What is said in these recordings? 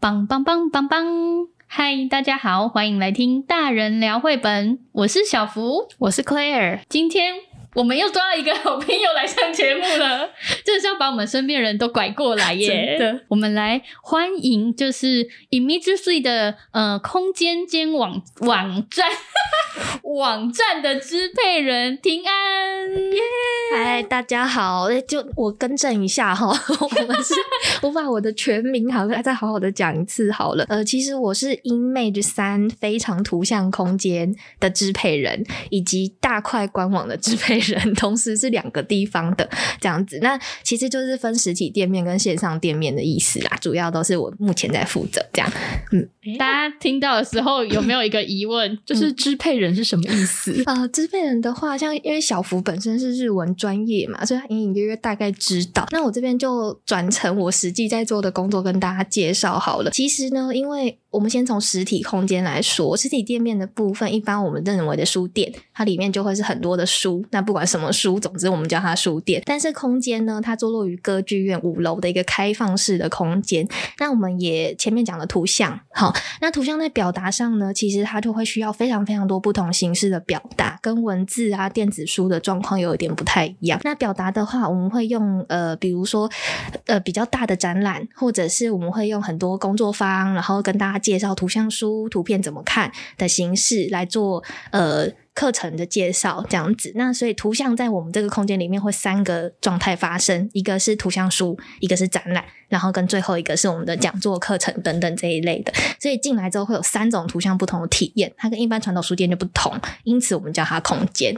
棒棒棒棒棒！嗨，大家好，歡迎來聽大人聊繪本。我是小福，我是 Claire，今天，我們又抓到一個好朋友來上節目了，這 是要把我們身邊人都拐過來耶！對我們來歡迎，就是 image3 的呃空間間網網站網站的支配人庭安耶！哎、yeah，Hi，大家好，就我更正一下哈、哦， 我們是，我把我的全名好，再好好的講一次好了。呃，其實我是 Image3 非常圖像空間的支配人，以及大塊官網的支配人。 人同時是兩個地方的這樣子，那其實就是分實體店面跟線上店面的意思啦，主要都是我目前在負責這樣，嗯，大家聽到的時候 有沒有一個疑問，就是支配人是什麼意思啊？嗯 呃，支配人的話，像因為小福本身是日文專業嘛，所以他隱隱約約大概知道。那我這邊就轉成我實際在做的工作跟大家介紹好了。其實呢，因為我們先從實體空間來說，實體店面的部分，一般我們認為的書店，它裡面就會是很多的書。那不管什麼書，總之我們叫它書店。但是空間呢，它坐落於歌劇院五樓的一個開放式的空間。那我們也前面講了圖像，好，那圖像在表達上呢，其實它就會需要非常非常多不同形式的表達，跟文字啊、電子書的狀況又有一點不太一樣。那表達的話，我們會用呃，比如說呃比較大的展覽，或者是我們會用很多工作坊，然後跟大家。介紹圖像書、圖片怎麼看的形式來做呃。課程的介紹這樣子，那所以圖像在我們這個空間裡面會三個狀態發生，一個是圖像書，一個是展覽，然後跟最後一個是我們的講座課程等等這一類的，所以進來之後會有三種圖像不同的體驗，它跟一般傳統書店就不同，因此我們叫它空間。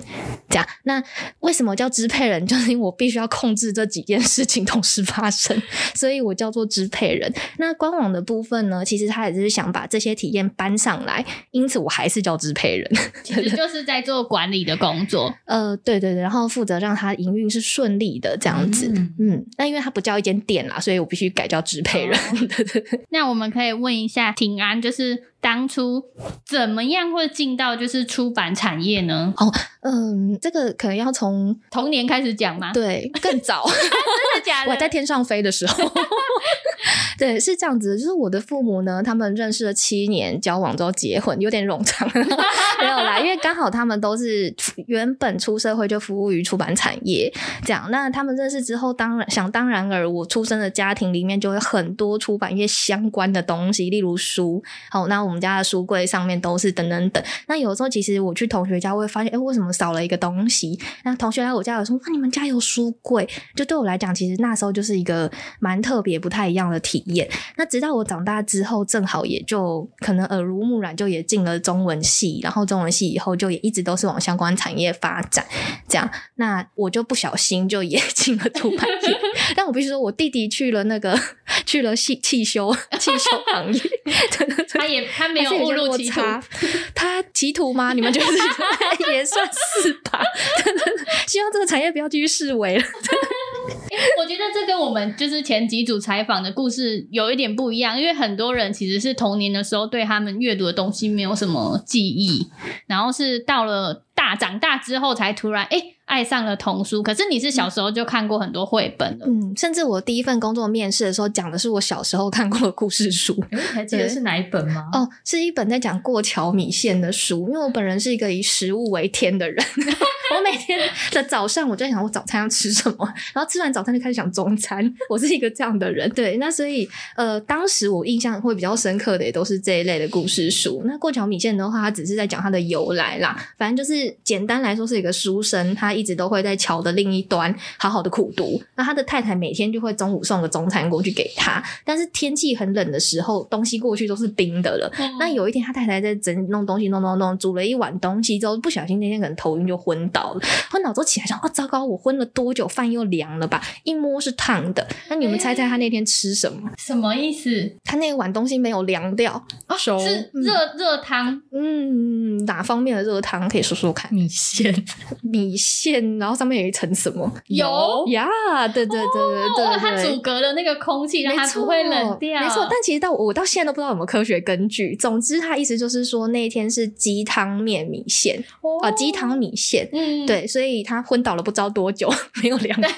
這樣，那為什麼叫支配人？就是因為我必須要控制這幾件事情同時發生，所以我叫做支配人。那官網的部分呢，其實他也就是想把這些體驗搬上來，因此我還是叫支配人。就是在做管理的工作，呃，對對對，然後負責讓他營運是順利的這樣子，嗯，嗯，那、嗯、因為他不叫一間店啦，所以我必須改叫支配人。哦、 那我們可以問一下庭安，就是。當初怎麼樣會進到就是出版產業呢？哦，嗯，這個可能要從童年開始講嗎？對，更早， 真的假的？我在天上飛的時候， 對，是這樣子的。就是我的父母呢，他們認識了七年，交往之後結婚，有點冗長，沒有啦。因為剛好他們都是原本出社會就服務於出版產業，這樣。那他們認識之後，當然想當然爾，我出生的家庭裡面就會很多出版業相關的東西，例如書。好，那我。我們家的書櫃上面都是等等等。那有時候，其實我去同學家，我會發現，哎、欸，為什麼少了一個東西？那同學來我家說，有時候，那你們家有書櫃？就對我來講，其實那時候就是一個蠻特別、不太一樣的體驗。那直到我長大之後，正好也就可能耳濡目染，就也進了中文系。然後中文系以後，就也一直都是往相關產業發展。這樣，那我就不小心就也進了出版社。 但我必須說，我弟弟去了那個去了汽汽修汽修行業， 他也。他沒有誤入歧途，他歧途嗎？你們覺得他也算是吧。 希望這個產業不要繼續式微了、 欸。我覺得這跟我們就是前幾組採訪的故事有一點不一樣，因為很多人其實是童年的時候對他們閱讀的東西沒有什麼記憶，然後是到了。大長大之後才突然哎、欸、愛上了童書，可是你是小時候就看過很多繪本了。嗯，甚至我第一份工作面試的時候講的是我小時候看過的故事書。欸、你還記得是哪一本嗎？哦，是一本在講過橋米線的書，因為我本人是一個以食物為天的人， 我每天的早上我就在想我早餐要吃什麼，然後吃完早餐就開始想中餐，我是一個這樣的人，對，那所以呃，當時我印象會比較深刻的也都是這一類的故事書。那過橋米線的話，它只是在講它的由來啦，反正就是。簡單來說是一個書生，他一直都會在橋的另一端好好的苦讀。那他的太太每天就會中午送個中餐過去給他，但是天氣很冷的時候，東西過去都是冰的了。嗯、那有一天他太太在整弄東西，弄弄弄，煮了一碗東西之後，不小心那天可能頭暈就昏倒了。昏倒之後起來想，哦糟糕，我昏了多久？飯又涼了吧？一摸是燙的。那你們猜猜他那天吃什麼？什麼意思？他那碗東西沒有涼掉啊，是熱熱湯。嗯，哪方面的熱湯可以說說看？米線，米線，然後上面有一層什麼？油呀，對、yeah, 對對對對，它、哦、阻、哦、隔了那個空氣，讓它不會冷掉。沒錯，沒錯，但其實到我到現在都不知道有沒有科學根據。總之，他意思就是說那天是雞湯麵米線啊、哦呃，雞湯米線。嗯，對，所以他昏倒了，不知道多久沒有涼掉。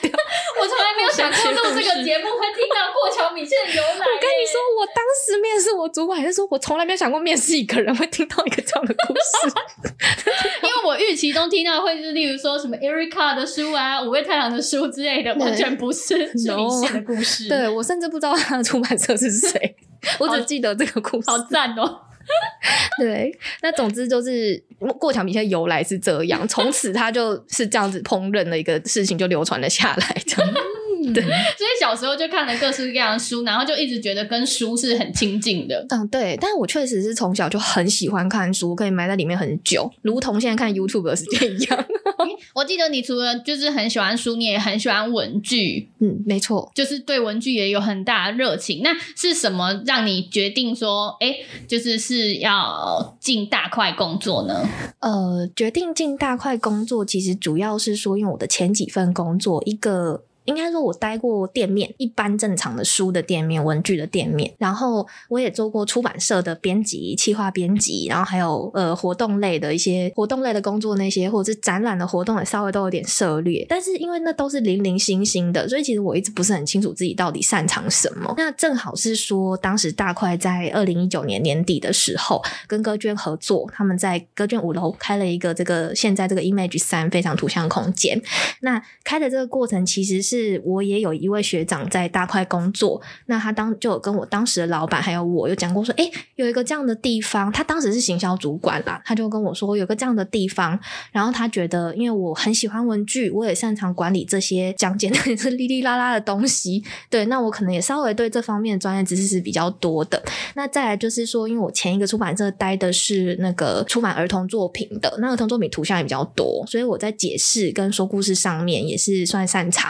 我從來沒有想過錄這個節目會聽到過橋米線的由來。我跟你說，我當時面試我主管，還是說我從來沒有想過面試一個人會聽到一個這樣的故事， 因為我。預期中聽到的會是例如說什麼 Erica 的書啊，五味太郎的書之類的，完全不是明顯的故事。No, 對我甚至不知道他的出版社是誰， 我只記得這個故事。好讚哦！ 對，那總之就是過橋米線由來是這樣，從此它就是這樣子烹飪的一個事情就流傳了下來的。 對、嗯，所以小時候就看了各式各樣的書，然後就一直覺得跟書是很親近的。嗯，對，但我確實是從小就很喜歡看書，可以埋在裡面很久，如同現在看 YouTube 的時間一樣。 我記得你除了就是很喜歡書，你也很喜歡文具。嗯，沒錯，就是對文具也有很大的熱情。那是什麼讓你決定說，哎、欸，就是是要進大塊工作呢？呃，決定進大塊工作，其實主要是說，因為我的前幾份工作，一個。應該說，我待過店面，一般正常的書的店面，文具的店面，然後我也做過出版社的編輯、企劃編輯，然後還有呃活動類的一些活動類的工作那些，或者是展覽的活動也稍微都有點涉獵。但是因為那都是零零星星的，所以其實我一直不是很清楚自己到底擅長什麼。那正好是說，當時大塊在二零一九年年底的時候，跟歌劇合作，他們在歌劇五樓開了一個這個現在這個 image3 非常圖像空間。那開的這個過程其實是，是，我也有一位學長在大塊工作，那他當就跟我當時的老闆還有我有講過說，誒、欸、有一個這樣的地方，他當時是行銷主管啦，他就跟我說有個這樣的地方，然後他覺得因為我很喜歡文具，我也擅長管理這些講解的這哩哩啦啦的東西，對，那我可能也稍微對這方面的專業知識是比較多的。那再來就是說，因為我前一個出版社待的是那個出版兒童作品的，那兒童作品圖像也比較多，所以我在解釋跟說故事上面也是算擅長。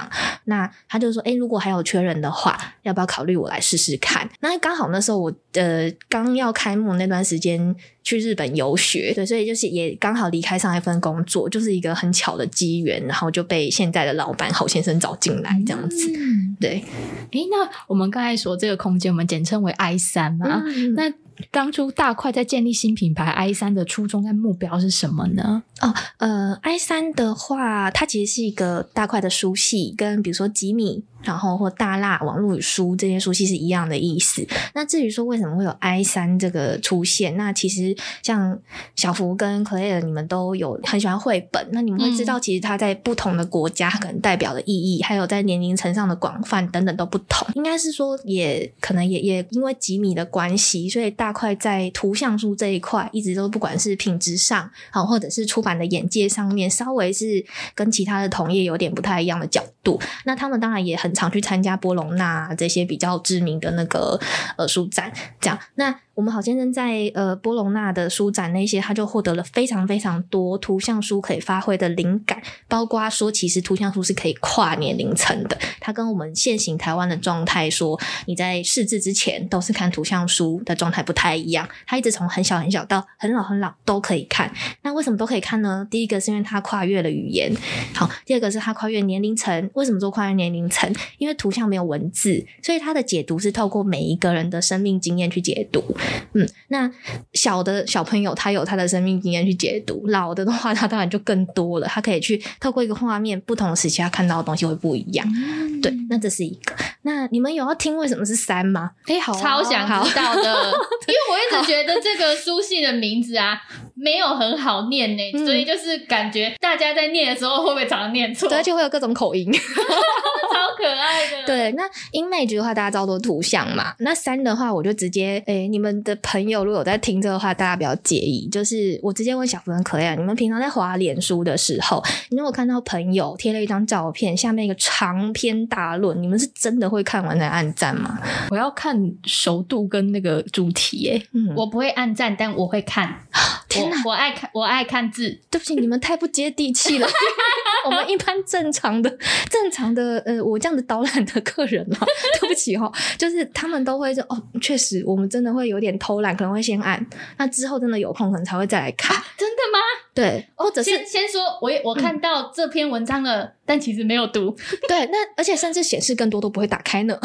那他就說：“哎、欸，如果還有缺人的話，要不要考慮我來試試看？”那剛好那時候我呃剛要開幕那段時間，去日本遊學，對，所以就是也剛好離開上一份工作，就是一個很巧的機緣，然後就被現在的老闆郝先生找進來這樣子。嗯、對，哎、欸，那我們剛才說這個空間，我們簡稱為 I 三嘛、嗯、那當初大塊在建立新品牌 I 三的初衷跟目標是什麼呢？哦，呃，I 三的話，它其實是一個大塊的書系，跟比如說幾米。然後或大辣、網絡與書這些書系是一樣的意思。那至於說為什麼會有 I 三這個出現，那其實像小福跟 Claire，你們都有很喜歡繪本，那你們會知道，其實它在不同的國家可能代表的意義，嗯，還有在年齡層上的廣泛等等都不同。應該是說也，也可能也也因為幾米的關係，所以大塊在圖像書這一塊一直都不管是品質上，好或者是出版的眼界上面，稍微是跟其他的同業有點不太一樣的角度。度，那他們當然也很常去參加波隆那這些比較知名的那個呃書展，這樣。那我們郝先生在呃波隆納的書展那些，他就獲得了非常非常多圖像書可以發揮的靈感。包括說，其實圖像書是可以跨年齡層的。他跟我們現行台灣的狀態說，說你在識字之前都是看圖像書的狀態不太一樣。他一直從很小很小到很老很老都可以看。那為什麼都可以看呢？第一個是因為它跨越了語言，好，第二個是它跨越年齡層。為什麼說跨越年齡層？因為圖像沒有文字，所以它的解讀是透過每一個人的生命經驗去解讀。嗯，那小的小朋友他有他的生命經驗去解讀，老的的話他當然就更多了，他可以去透過一個畫面，不同的時期他看到的東西會不一樣、嗯。對，那這是一個。那你們有要聽為什麼是三嗎？以、欸、好、啊，超想，知道的。因為我一直覺得這個書系的名字啊，沒有很好念呢、欸，所以就是感覺大家在念的時候會不會常常念錯？而、嗯、且會有各種口音， 超可愛的。對，那 image 的話大家知道都是圖像嘛。那三的話我就直接，哎、欸，你們。的朋友，如果有在聽這個話，大家不要介意。就是我直接問小福和可樂，啊，你們平常在滑臉書的時候，你如果看到朋友貼了一張照片，下面一個長篇大論，你們是真的會看完再按讚嗎？ 我要看熟度跟那個主題，欸，哎，嗯，我不會按讚，但我會看。天哪我，我愛看，我愛看字。對不起，你們太不接地氣了。 我們一般正常的、正常的，呃，我這樣子導覽的客人了、啊， 對不起哦，就是他們都會說，哦，確實，我們真的會有點偷懶，可能會先按，那之後真的有空可能才會再來看，啊、真的嗎？對、哦，或者是先，先說，我我看到這篇文章了，嗯，但其實沒有讀。對，那而且甚至顯示更多都不會打開呢。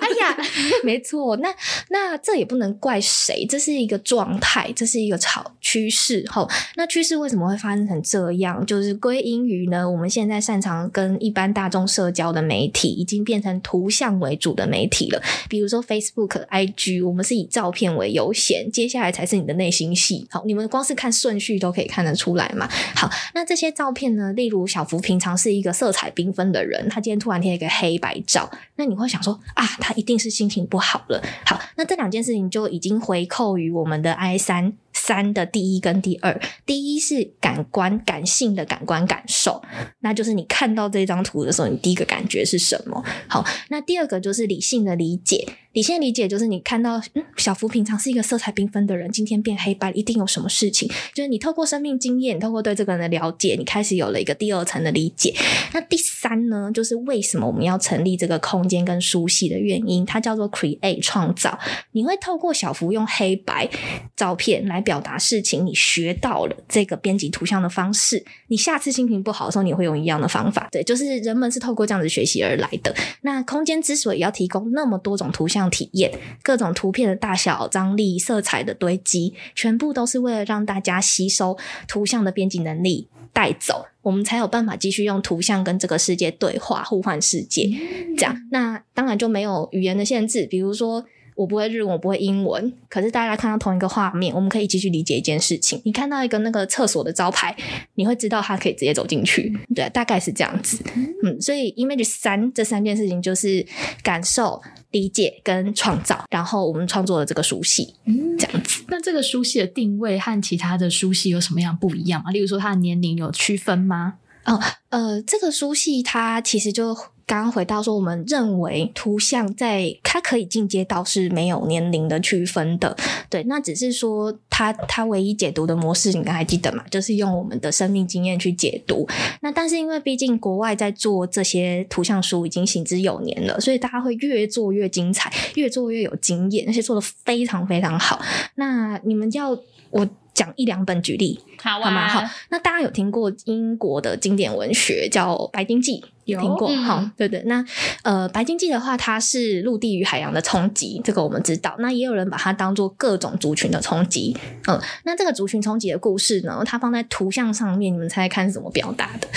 哎呀，沒錯，那那這也不能怪誰，這是一個狀態，這是一個潮趨勢齁。那趨勢為什麼會發生成這樣？就是歸因於呢，我們現在擅長跟一般大眾社交的媒體已經變成圖像為主的媒體了，比如說 Facebook、IG，我們是以照片為優先，接下來才是你的內心戲。好，你們光是看順序都可以看得出來，出來嘛？好，那這些照片呢？例如小福平常是一個色彩繽紛的人，他今天突然貼一個黑白照，那你會想說啊，他一定是心情不好了。好，那這兩件事情就已經回扣於我們的 I 三。三的第一跟第二，第一是感官感性的感官感受，那就是你看到這張圖的時候，你第一個感覺是什麼？好，那第二個就是理性的理解，理性的理解就是你看到嗯小福平常是一個色彩繽紛的人，今天變黑白，一定有什麼事情。就是你透過生命經驗，透過對這個人的了解，你開始有了一個第二層的理解。那第三呢，就是為什麼我們要成立這個空間跟書系的原因，它叫做 create 創造。你會透過小福用黑白照片來。表達事情，你學到了這個編輯圖像的方式。你下次心情不好的時候，你會用一樣的方法。對，就是人們是透過這樣子學習而來的。那空間之所以要提供那麼多種圖像體驗，各種圖片的大小、張力、色彩的堆積，全部都是為了讓大家吸收圖像的編輯能力，帶走，我們才有辦法繼續用圖像跟這個世界對話、互換世界、嗯。這樣，那當然就沒有語言的限制，比如說。我不會日文，我不會英文，可是大家看到同一個畫面，我們可以一起去理解一件事情。你看到一個那個廁所的招牌，你會知道他可以直接走進去，嗯、對，大概是這樣子。嗯，嗯，所以 image 三，這三件事情就是感受、理解跟創造，然後我們創作了這個書系，嗯、這樣子。那這個書系的定位和其他的書系有什麼樣不一樣嗎、啊？例如說它的年齡有區分嗎？哦，呃，這個書系它其實就。剛剛回到說，我們認為圖像在它可以進階到是沒有年齡的區分的，對，那只是說它它唯一解讀的模式，你剛才還記得嘛？就是用我們的生命經驗去解讀。那但是因為畢竟國外在做這些圖像書已經行之有年了，所以大家會越做越精彩，越做越有經驗，而且做得非常非常好。那你們叫我？講一兩本舉例好啊，好嗎？好，那大家有聽過英國的經典文學叫《白鯨記》，有，有聽過，嗯。好，對對對，那呃，《白鯨記》的話，它是陸地與海洋的衝擊，這個我們知道。那也有人把它當做各種族群的衝擊。嗯，那這個族群衝擊的故事呢？它放在圖像上面，你們猜猜看是怎麼表達的？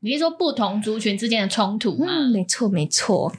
你是說不同族群之間的衝突嗎？嗯，沒錯，沒錯。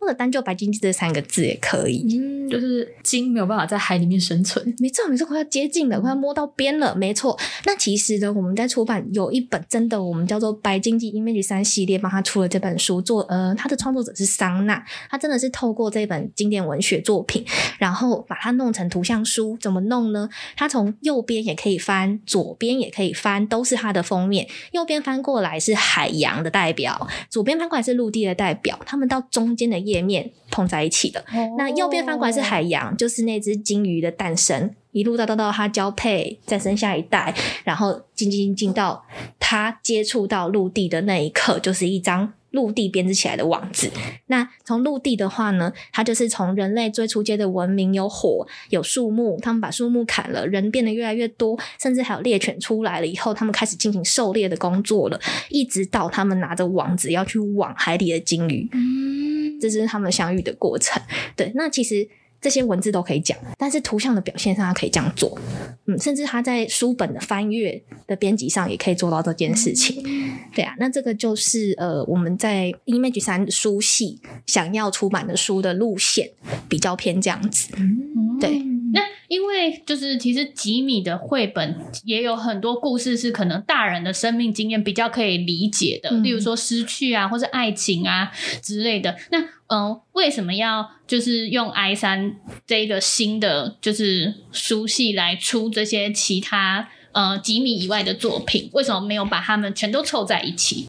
或者單就“白鯨記”這三個字也可以。嗯，就是鯨沒有辦法在海裡面生存。沒錯，沒錯，快要接近了，快要摸到邊了。沒錯。那其實呢，我們在出版有一本真的，我們叫做《白鯨記》Image 3系列，幫他出了這本書。做呃，他的創作者是桑娜，他真的是透過這本經典文學作品，然後把它弄成圖像書。怎麼弄呢？他從右邊也可以翻，左邊也可以翻，都是他的封面。右邊翻過來是海洋的代表，左邊翻過來是陸地的代表。他們到中間的。頁面碰在一起的，那右邊翻過來是海洋，Oh. 就是那只鯨魚的誕生，一路到到到它交配、再生下一代，然後進進進到它接觸到陸地的那一刻，就是一張。陸地編織起來的網子，那從陸地的話呢，它就是從人類最初階的文明，有火，有樹木，他們把樹木砍了，人變得越來越多，甚至還有獵犬出來了以後，他們開始進行狩獵的工作了，一直到他們拿着網子要去往海裡的鯨魚。嗯，這是他們相遇的過程。對，那其實。這些文字都可以講，但是圖像的表現上，它可以這樣做，嗯，甚至它在書本的翻閱的編輯上，也可以做到這件事情。嗯、對啊，那這個就是呃，我們在 Image 三書系想要出版的書的路線比較偏這樣子，嗯、對。那因為就是其實吉米的繪本也有很多故事是可能大人的生命經驗比較可以理解的，嗯，例如說失去啊，或是愛情啊之類的。那嗯、呃，為什麼要就是用 image3 這一個新的就是書系來出這些其他呃吉米以外的作品？為什麼沒有把他們全都湊在一起？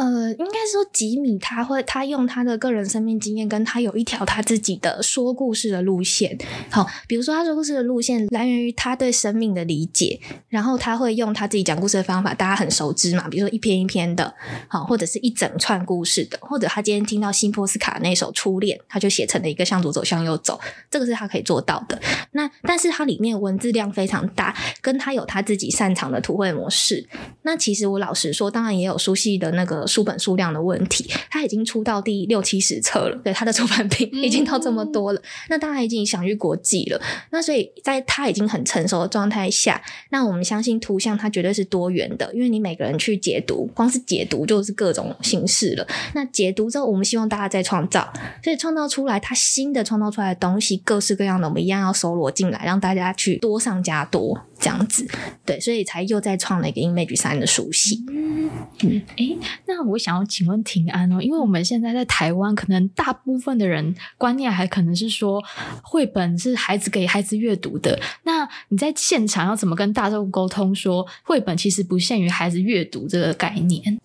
呃，應該說幾米他會他用他的個人生命經驗，跟他有一條他自己的說故事的路線。好、哦，比如說他說故事的路線來源於他對生命的理解，然後他會用他自己講故事的方法，大家很熟知嘛，比如說一篇一篇的，好、哦，或者是一整串故事的，或者他今天聽到辛波絲卡那首《初戀》，他就寫成了一個向左走，向右走，這個是他可以做到的。那但是它裡面文字量非常大，跟他有他自己擅長的圖繪模式。那其實我老實說，當然也有熟悉的那個。書本數量的問題，他已經出到第六七十冊了。對，他的出版品已經到這麼多了。嗯、那當然已經享譽國際了。那所以在他已經很成熟的狀態下，那我們相信圖像它絕對是多元的，因為你每個人去解讀，光是解讀就是各種形式了。那解讀之後，我們希望大家再創造，所以創造出來它新的創造出來的東西，各式各樣的，我們一樣要搜羅進來，讓大家去多上加多這樣子。對，所以才又再創了一個 Image 三的書系。嗯。嗯，誒。那我想要請問庭安哦，因為我們現在在台灣，可能大部分的人觀念還可能是說，繪本是孩子給孩子閱讀的。那你在現場要怎麼跟大眾溝通說，說繪本其實不限於孩子閱讀這個概念？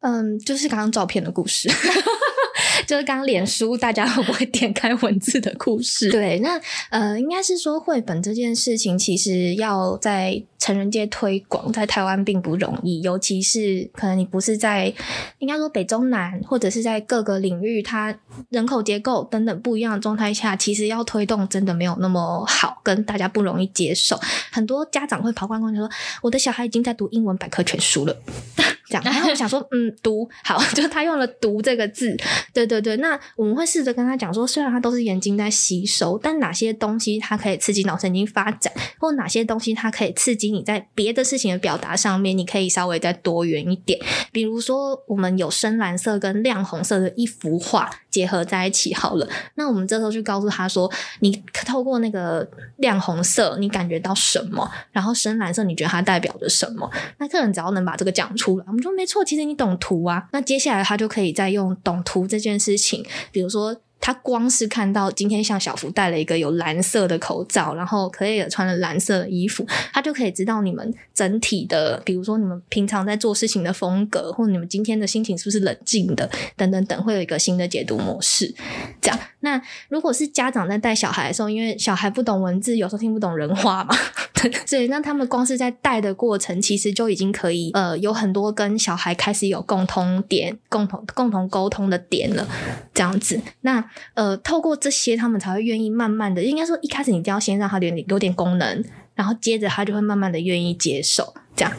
嗯，就是剛剛照片的故事。 就是剛臉書，大家會不會點開文字的故事。對，那呃，應該是說繪本這件事情，其實要在成人界推廣，在台灣並不容易，尤其是可能你不是在應該說北中南，或者是在各個領域，它人口結構等等不一樣的狀態下，其實要推動真的沒有那麼好，跟大家不容易接受。很多家長會跑光光，就說，我的小孩已經在讀英文百科全書了。講，然後我想說，嗯，讀好，就他用了“讀”這個字，對對對。那我們會試着跟他講說，雖然他都是眼睛在吸收，但哪些東西它可以刺激腦神經發展，或哪些東西它可以刺激你在別的事情的表達上面，你可以稍微再多元一點。比如說，我們有深藍色跟亮紅色的一幅畫結合在一起，好了，那我們這時候就告訴他說，你透過那個亮紅色，你感覺到什麼？然後深藍色，你覺得它代表着什麼？那客人只要能把這個講出來。你說沒錯，其實你懂圖啊。那接下來他就可以再用懂圖這件事情，比如說。他光是看到今天像小福戴了一個有藍色的口罩，然後可以穿了藍色的衣服，他就可以知道你們整體的，比如說你們平常在做事情的風格，或者你們今天的心情是不是冷靜的，等等等，會有一個新的解讀模式。這樣，那如果是家長在帶小孩的時候，因為小孩不懂文字，有時候聽不懂人話嘛，對，對，那他們光是在帶的過程，其實就已經可以呃，有很多跟小孩開始有共通點、共同共同溝通的點了，這樣子，那。呃，透過這些，他們才會願意慢慢的。應該說，一開始你就要先讓他有點有點功能，然後接着他就會慢慢的願意接受。這樣，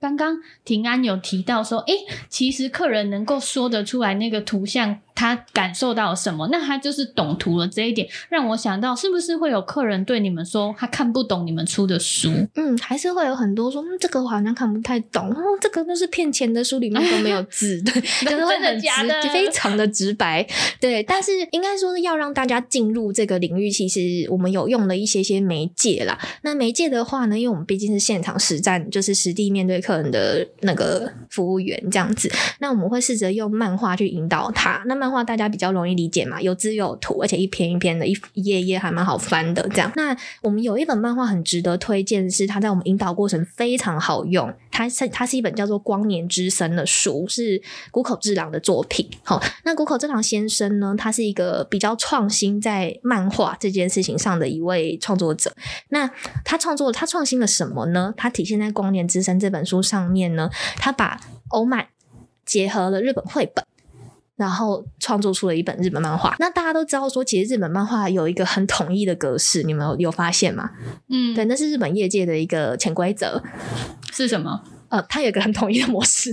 剛剛庭安有提到說，誒，其實客人能夠說得出來那個圖像。他感受到什麼？那他就是懂圖了。這一點讓我想到，是不是會有客人對你們說他看不懂你們出的書？嗯，還是會有很多說，嗯，這個好像看不太懂。嗯、這個都是騙錢的書，裡面都沒有字，嗯、對、嗯就是會很，真的假的？非常的直白，對。但是應該說是要讓大家進入這個領域，其實我們有用了一些些媒介啦。那媒介的話呢，因為我們畢竟是現場實戰，就是實地面對客人的那個服務員這樣子，那我們會試着用漫畫去引導他。那麼。話大家比較容易理解嘛，有字有圖，而且一篇一篇的，一頁一頁頁還蠻好翻的。這樣，那我們有一本漫畫很值得推薦，是它在我們引導過程非常好用。它是它是一本叫做《光年之森》的書，是谷口治郎的作品。好、哦，那谷口治郎先生呢，他是一個比較創新在漫畫這件事情上的一位創作者。那他創作他創新了什麼呢？他體現在《光年之森》這本書上面呢？他把歐漫結合了日本繪本。然後創作出了一本日本漫畫，那大家都知道說，其實日本漫畫有一個很統一的格式，你們有發現嗎？嗯，對，那是日本業界的一個潛規則。是什麼？呃，它有個很統一的模式，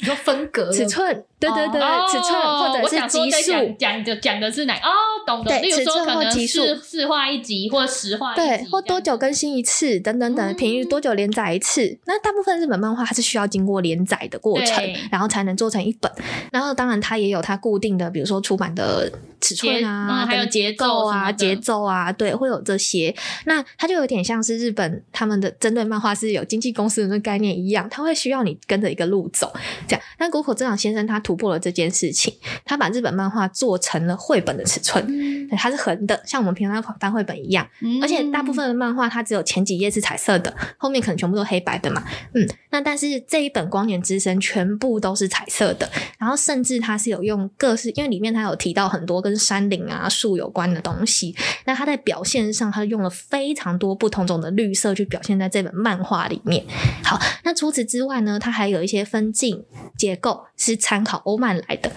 你 說分格、尺寸，對對對，哦、尺寸或者是級數，講的講的是哪？哦，懂懂。比如說可能是四話一集或十話一集，對，或多久更新一次等等等，平均多久連載一次。嗯，那大部分日本漫畫它是需要經過連載的過程，然後才能做成一本。然後當然它也有它固定的，比如說出版的尺寸啊，還有、嗯、結構啊，節奏、奏啊，對，會有這些。那它就有點像是日本他們的針對漫畫是有經紀公司的概念一樣。他會需要你跟着一個路走，這樣。但谷口治郎先生他突破了這件事情，他把日本漫畫做成了繪本的尺寸，嗯、它是橫的，像我們平常翻繪本一樣、嗯。而且大部分的漫畫它只有前幾頁是彩色的，後面可能全部都黑白的嘛。嗯，那但是這一本《光年之森》全部都是彩色的，然後甚至它是有用各式，因為裡面它有提到很多跟山林啊樹有關的東西，那它在表現上它是用了非常多不同種的綠色去表現在這本漫畫裡面。好，那除此。之外呢，它還有一些分鏡結構是參考歐曼來的。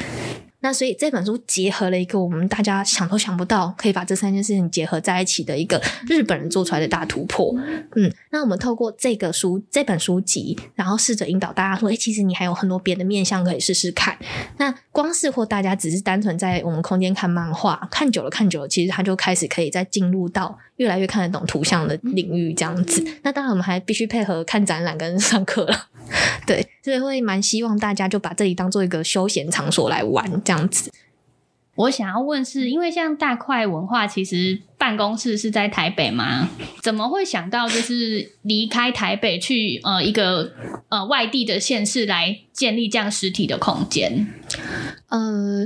那所以這本書結合了一個我們大家想都想不到，可以把這三件事情結合在一起的一個日本人做出來的大突破。嗯，嗯，那我們透過這個書，這本書籍，然後試着引導大家說，誒、欸，其實你還有很多別的面向可以試試看。那光是或大家只是單純在我們空間看漫畫，看久了看久了，其實他就開始可以再進入到越來越看得懂圖像的領域這樣子。嗯、那當然我們還必須配合看展覽跟上課了。 對，所以會蠻希望大家就把這裡當做一個休閒場所來玩這樣子。我想要問是，因為像大塊文化其實辦公室是在台北嗎？怎麼會想到就是離開台北去呃一個呃外地的縣市來建立這樣實體的空間？呃，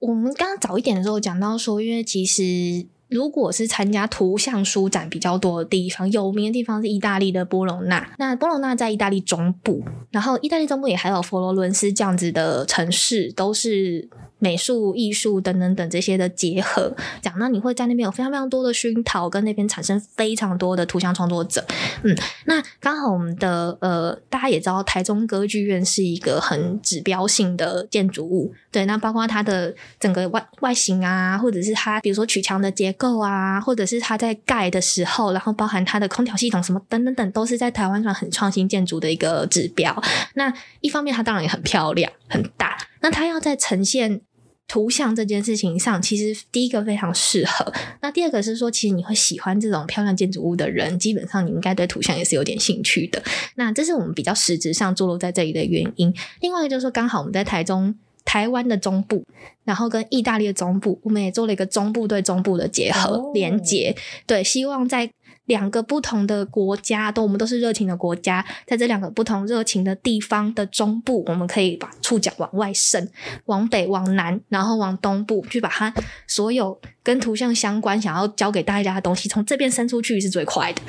我們剛剛早一點的時候講到說，因為其實。如果是參加圖像書展比較多的地方，有名的地方是意大利的波隆納。那波隆納在意大利中部，然後意大利中部也還有佛羅倫斯這樣子的城市，都是。美術、藝術等等等這些的結合，講到你會在那邊有非常非常多的熏陶，跟那邊產生非常多的圖像創作者。嗯，那剛好我們的呃，大家也知道，台中歌劇院是一個很指標性的建築物。對，那包括它的整個外外形啊，或者是它比如說取牆的結構啊，或者是它在蓋的時候，然後包含它的空調系統什麼等等等，都是在台灣算很創新建築的一個指標。那一方面，它當然也很漂亮、很大。那它要在呈現。圖像這件事情上，其實第一個非常適合。那第二個是說，其實你會喜歡這種漂亮建築物的人，基本上你應該對圖像也是有點興趣的。那這是我們比較實質上坐落在這裡的原因。另外就是說，剛好我們在台中，台灣的中部，然後跟意大利的中部，我們也做了一個中部對中部的結合、oh. 連接。對，希望在。兩個不同的國家都，我們都是熱情的國家，在這兩個不同熱情的地方的中部，我們可以把觸角往外伸，往北、往南，然後往東部去把它所有。跟圖像相關，想要教給大家的東西，從這邊伸出去是最快的。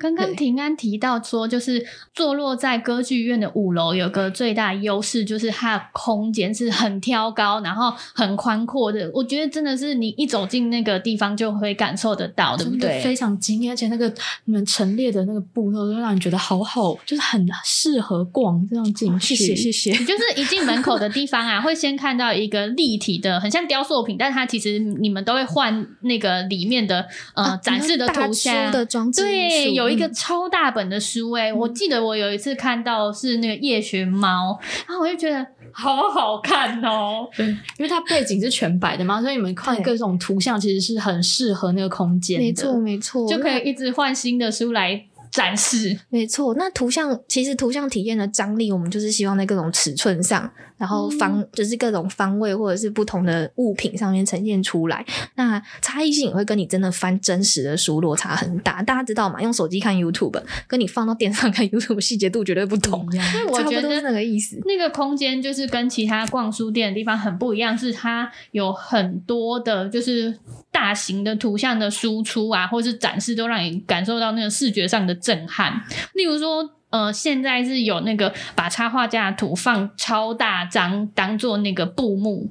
剛剛庭安提到說，就是坐落在歌劇院的五樓，有個最大優勢就是它的空間是很挑高，然後很寬闊的。我覺得真的是你一走進那個地方，就會感受得到的、嗯，對不對？非常驚艷，而且那個你們陳列的那個布都讓你覺得好好，就是很適合逛這樣進去、啊。謝謝，謝謝就是一進門口的地方啊， 會先看到一個立體的，很像雕塑品，但它其實你們都會畫。換那個裡面的呃、啊、展示的圖像書的書對，有一個超大本的書哎、欸嗯，我記得我有一次看到是那個夜巡貓，然、嗯、後、啊、我就覺得好好看哦、喔，因為它背景是全白的嘛，所以你們看各種圖像其實是很適合那個空間的，沒錯沒錯，就可以一直換新的書來展示，沒錯。那圖像其實圖像體驗的張力，我們就是希望在各種尺寸上。然後方就是各種方位或者是不同的物品上面呈現出來，那差異性也會跟你真的翻真實的書落差很大。大家知道嗎？用手機看 YouTube，跟你放到電視上看 YouTube，細節度絕對不同。嗯、不我覺得是那個意思，那個空間就是跟其他逛書店的地方很不一樣，是它有很多的，就是大型的圖像的輸出啊，或者是展示，都讓你感受到那個視覺上的震撼。例如說。呃，現在是有那個把插畫家的圖放超大張，當做那個布幕，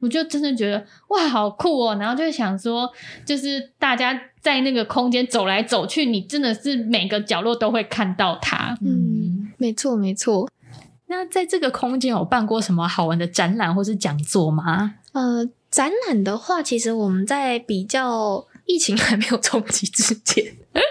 我就真的覺得哇，好酷哦！然後就想說，就是大家在那個空間走來走去，你真的是每個角落都會看到它。嗯，沒錯，沒錯。那在這個空間有辦過什麼好玩的展覽或是講座嗎？呃，展覽的話，其實我們在比較疫情還沒有衝擊之前。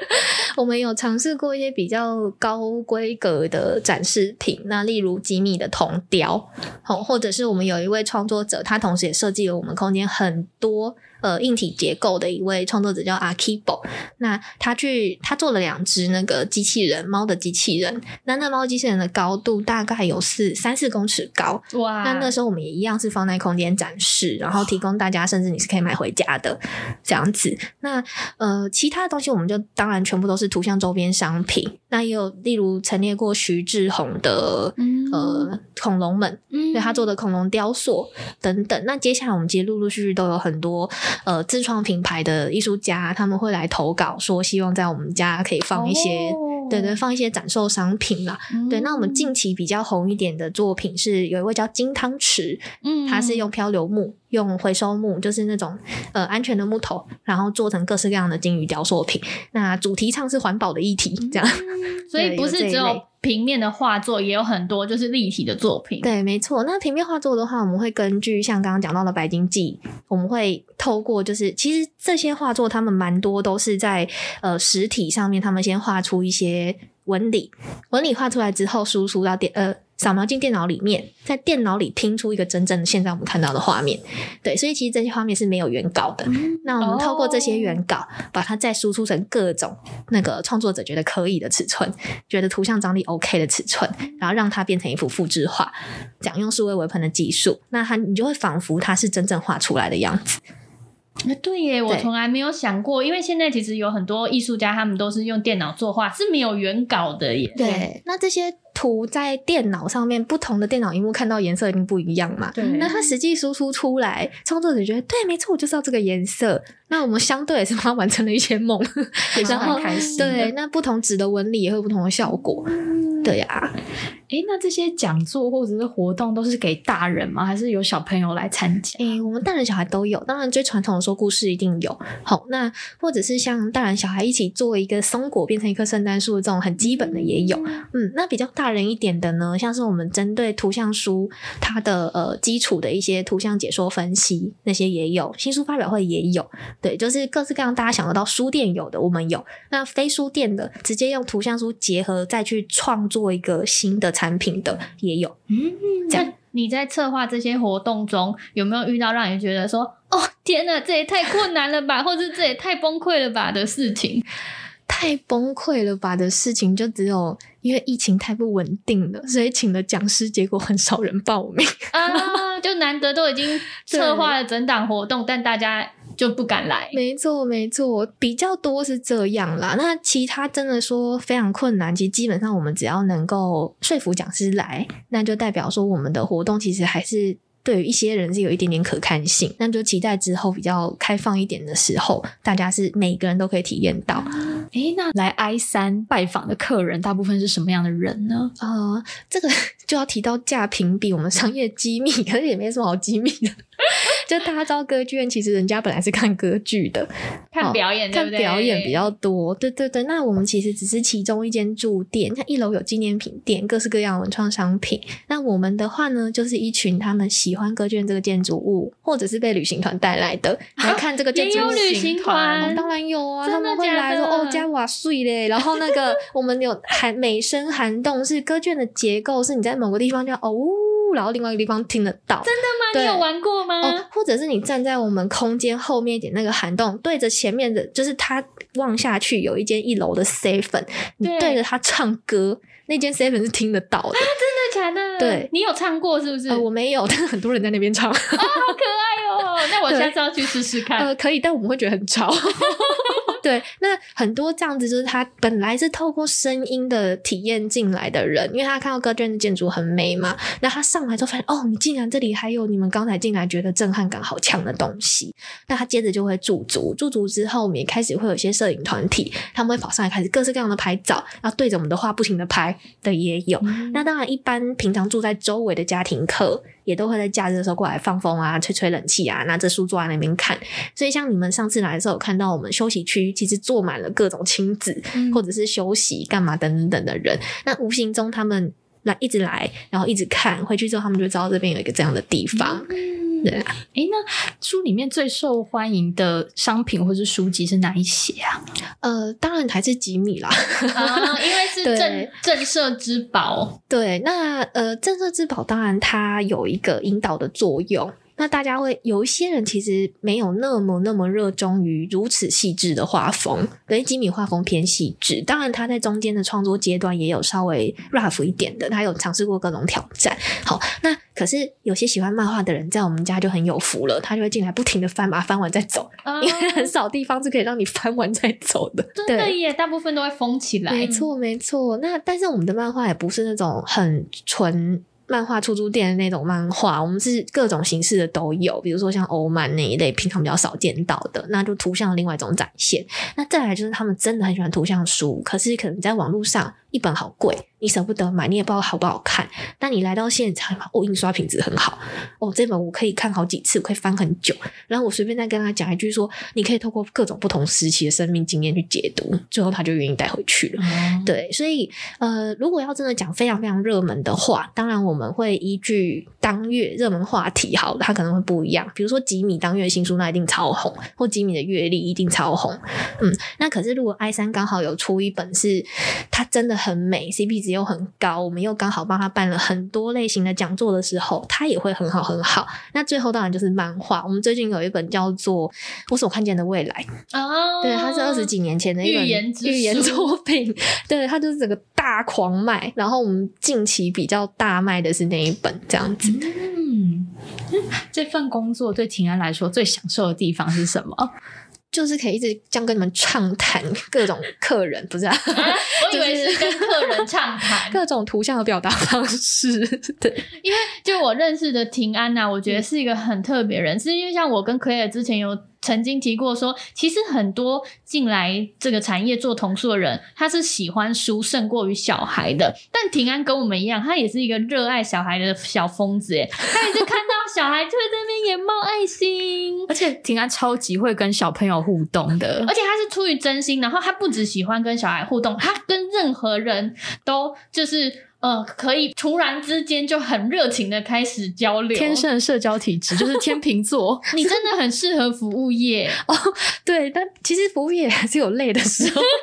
我們有嘗試過一些比較高規格的展示品，那例如幾米的銅雕，好，或者是我們有一位創作者，他同時也設計了我們空間很多，呃，硬體結構的一位創作者叫 Akibo，那他去他做了兩隻那個機器人貓的機器人，那那貓機器人的高度大概有四三四公尺高，哇！那那時候我們也一樣是放在空間展示，然後提供大家，甚至你是可以買回家的這樣子。那呃，其他的東西我們就當然全部都是圖像周邊商品，那也有例如陳列過徐志宏的呃恐龍們，對、嗯、他做的恐龍雕塑等等、嗯。那接下來我們其實陸陸續續都有很多。呃，自創品牌的藝術家他們會來投稿，說希望在我們家可以放一些，哦、對對，放一些展售商品啦、嗯。對，那我們近期比較紅一點的作品是有一位叫金湯池，嗯，他是用漂流木、用回收木，就是那種呃安全的木頭，然後做成各式各樣的金魚雕塑品。那主題唱是環保的議題，嗯、這樣，所以不是只有。平面的畫作也有很多，就是立體的作品。對，沒錯。那平面畫作的話，我們會根據像剛剛講到的《白鯨記》，我們會透過就是其實這些畫作，他們蠻多都是在呃實體上面，他們先畫出一些紋理，紋理畫出來之後輸出到第二。呃掃描進電腦裡面，在電腦裡聽出一個真正現在我們看到的畫面，對，所以其實這些畫面是沒有原稿的、嗯。那我們透過這些原稿，哦、把它再輸出成各種那個創作者覺得可以的尺寸，覺得圖像張力 OK 的尺寸，然後讓它變成一幅複製畫。講用數位微噴的技術，那它你就會仿佛它是真正畫出來的樣子。那、啊、對耶，對我從來沒有想過，因為現在其實有很多藝術家，他們都是用電腦作畫，是沒有原稿的耶。對，那這些。塗在電腦上面，不同的電腦熒幕看到顏色一定不一樣嘛？對。那它實際輸出出來，創作者覺得對，沒錯，我就是要這個顏色。那我們相對也是幫他完成了一些夢，也是很開心。對，那不同紙的紋理也會有不同的效果。嗯、對呀、啊。哎、欸，那這些講座或者是活動都是給大人嗎？還是有小朋友來參加？哎、欸，我們大人小孩都有。當然，最傳統的說故事一定有。好，那或者是像大人小孩一起做一個鬆果變成一棵聖誕樹這種很基本的也有。嗯。嗯，那比較大。大人一點的呢，像是我們針對圖像書，它的呃基礎的一些圖像解說分析那些也有，新書發表會也有，對，就是各式各樣大家想得到書店有的，我們有。那非書店的，直接用圖像書結合再去創作一個新的產品的也有。嗯，這樣你在策劃這些活動中，有沒有遇到讓你覺得說，哦天吶，這也太困難了吧， 或者這也太崩潰了吧的事情？太崩潰了吧的事情，就只有因為疫情太不穩定了，所以請了講師，結果很少人報名啊， uh, 就難得都已經策劃了整檔活動，但大家就不敢來。沒錯，沒錯，比較多是這樣啦。那其他真的說非常困難，其實基本上我們只要能夠說服講師來，那就代表說我們的活動其實還是。對於一些人是有一點點可看性，那就期待之後比較開放一點的時候，大家是每個人都可以體驗到。哎、啊，那來 image3 拜訪的客人，大部分是什麼樣的人呢？啊，這個。就要提到價評比，我們商業機密，可是也沒什麼好機密的。就大家知道歌劇院，其實人家本來是看歌劇的，看表演對對，哦，看表演比較多。對對對，那我們其實只是其中一間駐店，它一樓有紀念品店，各式各樣文創商品。那我們的話呢，就是一群他們喜歡歌劇院這個建築物，或者是被旅行團帶來的來看這個建築物。啊，也有旅行團，哦，當然有啊。的的他們會來說哦家瓦碎嘞。然後那個我們有涵，美聲涵洞，是歌劇院的結構，是你在，在某個地方叫哦，然後另外一個地方聽得到。真的嗎？你有玩過嗎？哦，或者是你站在我們空間後面一點那個涵洞，對着前面的，就是他望下去有一間一樓的 seven，你對着他唱歌，那間 seven 是聽得到的，啊、真的假的？對，你有唱過是不是？呃，我沒有，但是很多人在那邊唱，啊、哦，好可愛哦！那我下次要去試試看，呃，可以，但我們會覺得很吵。 對，那很多這樣子，就是他本來是透過聲音的體驗進來的人，因為他看到歌劇院的建築很美嘛，那他上來之後發現，哦，你竟然這裡還有你們剛才進來覺得震撼感好強的東西，那他接着就會駐足，駐足之後，我們也開始會有一些攝影團體，他們會跑上來開始各式各樣的拍照，然後對着我們的畫不停的拍的也有。嗯、那當然，一般平常住在周圍的家庭客。也都會在假日的時候過來放風啊，吹吹冷氣啊，拿着書坐在那邊看。所以像你們上次來的時候，有看到我們休息區其實坐滿了各種親子、嗯、或者是休息幹嘛等等等的人。那無形中他們來一直來，然後一直看，回去之後他們就知道這邊有一個這樣的地方。嗯對，哎、欸，那書裡面最受歡迎的商品或是書籍是哪一些啊？呃，當然還是幾米啦、 啊，因為是鎮鎮社之寶。對，那呃，鎮社之寶當然它有一個引導的作用。那大家會有一些人其實沒有那麼那麼熱衷於如此細緻的畫風，等於幾米畫風偏細緻。當然，他在中間的創作階段也有稍微 rough 一點的，他有嘗試過各種挑戰。好，那可是有些喜歡漫畫的人在我們家就很有福了，他就會進來不停的翻嘛，翻完再走、嗯，因為很少地方是可以讓你翻完再走的。真的耶，對耶，大部分都會封起來。沒錯沒錯，那但是我們的漫畫也不是那種很純。漫畫出租店的那種漫畫，我們是各種形式的都有，比如說像歐漫那一類，平常比較少見到的，那就圖像另外一種展現。那再來就是他們真的很喜歡圖像書，可是可能在網絡上一本好貴。你捨不得買，你也不知道好不好看。但你來到現場，哦，印刷品質很好，哦，這本我可以看好幾次，我可以翻很久。然後我隨便再跟他講一句說，你可以透過各種不同時期的生命經驗去解讀。最後他就願意帶回去了。嗯。對，所以呃，如果要真的講非常非常熱門的話，當然我們會依據當月熱門話題，好的，它可能會不一樣。比如說幾米當月新書那一定超紅，或幾米的月曆一定超紅。嗯，那可是如果 i 三剛好有出一本是它真的很美，CP 值，又很高，我們又剛好幫他辦了很多類型的講座的時候，他也會很好很好。那最後當然就是漫畫，我們最近有一本叫做《我所看見的未來》啊、哦，對，它是二十幾年前的一本預言，預言作品，對，它就是整個大狂賣。然後我們近期比較大賣的是那一本這樣子。嗯，這份工作對庭安來說最享受的地方是什麼？就是可以一直這樣跟你們暢談各種客人，不是，啊啊 是對啊？我以為是跟客人暢談各種圖像的表達方式，對。因為就我認識的庭安吶、啊，我覺得是一個很特別人、嗯，是因為像我跟 Claire 之前有。曾經提過說，其實很多進來這個產業做童書的人，他是喜歡書勝過於小孩的。但庭安跟我們一樣，他也是一個熱愛小孩的小瘋子，誒他也是看到小孩就在那邊眼冒愛心， 而且庭安超級會跟小朋友互動的，而且他是出於真心。然後他不只喜歡跟小孩互動，他跟任何人都就是，嗯，可以突然之間就很熱情的開始交流，天生的社交體質就是天秤座， 你真的很適合服務業。哦、oh，對，但其實服務業還是有累的時候。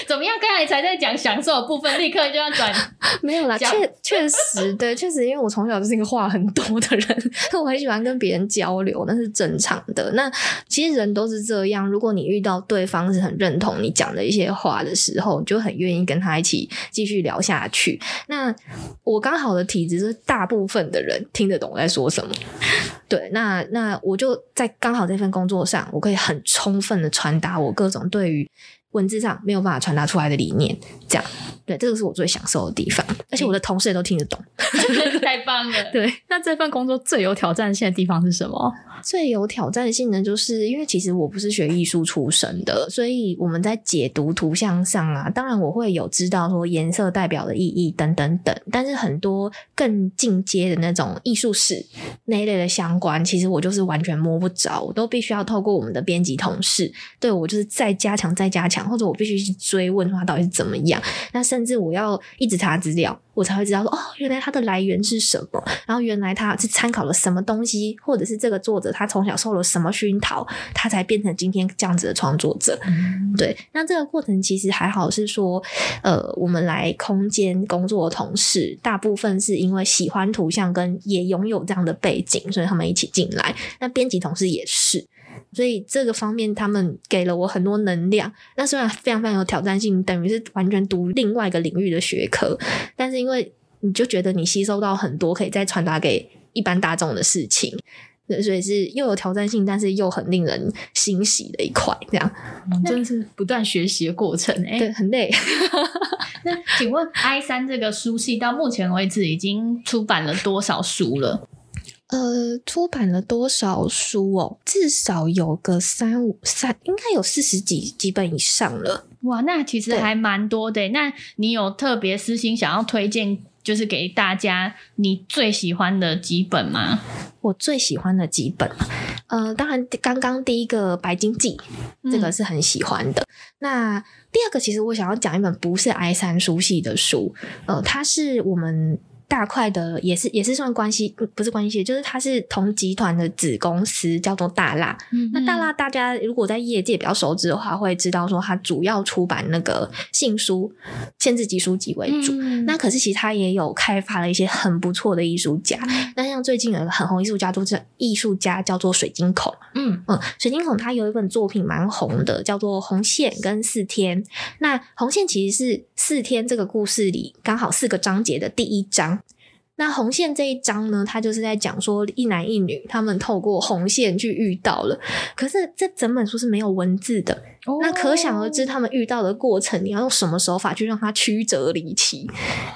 怎麼樣？剛才才在講享受的部分， 立刻就要轉？沒有啦，確確實對，確實，因為我從小就是一個話很多的人， 我很喜歡跟別人交流，那是正常的。那其實人都是這樣，如果你遇到對方是很認同你講的一些話的時候，你就很願意跟他一起繼續聊下去。那我剛好的體質是大部分的人聽得懂我在說什麼。對，那那我就在剛好這份工作上，我可以很充分的傳達我各種對於文字上沒有辦法傳達出來的理念，這樣。對，這個是我最享受的地方，而且我的同事也都聽得懂，欸、 太棒了。對，那這份工作最有挑戰性的地方是什麼？最有挑戰性的，就是因為其實我不是學藝術出身的，所以我們在解讀圖像上啊，當然我會有知道說顏色代表的意義等等等，但是很多更進階的那種藝術史那一類的相關，其實我就是完全摸不着，我都必須要透過我們的編輯同事，對，我就是再加強再加強，或者我必須去追問他到底是怎麼樣，那甚至我要一直查資料，我才會知道說哦，原來它的來源是什麼，然後原來他是參考了什麼東西，或者是這個作者他從小受了什麼熏陶，他才變成今天這樣子的創作者。嗯，對，那這個過程其實還好，是說呃，我們來空間工作的同事大部分是因為喜歡圖像跟也擁有這樣的背景，所以他們一起進來。那編輯同事也是。所以這個方面，他們給了我很多能量。那雖然非常非常有挑戰性，等於是完全讀另外一個領域的學科，但是因為你就覺得你吸收到很多可以再傳達給一般大眾的事情，所以是又有挑戰性，但是又很令人欣喜的一塊。這樣，真的、就是不斷學習的過程。哎，對，很累。 那請問，I 三這個書系到目前為止已經出版了多少書了？呃，出版了多少書哦、喔？至少有個三五三，應該有四十幾幾本以上了。哇，那其實還蠻多的、欸。那你有特別私心想要推薦，就是給大家你最喜歡的幾本嗎？我最喜歡的幾本，呃，當然剛剛第一個《白鯨記》這個是很喜歡的。嗯、那第二個，其實我想要講一本不是 image3 書系的書，呃，它是我們。大塊的也是也是算關係不是關係，就是它是同集團的子公司，叫做大辣、嗯。那大辣大家如果在業界比較熟知的話，會知道說它主要出版那個性書、限制級書籍為主。嗯嗯，那可是其實他也有開發了一些很不錯的藝術家、嗯。那像最近有一個很紅藝術家，就是藝術家叫做水晶孔。嗯嗯，水晶孔他有一本作品蠻紅的，叫做《紅線》跟《四天》。那《紅線》其實是《四天》這個故事裡剛好四個章節的第一章。那紅線這一章呢，它就是在講說一男一女，他們透過紅線去遇到了，可是這整本書是沒有文字的。哦，那可想而知，他們遇到的過程，你要用什麼手法去讓它曲折離奇？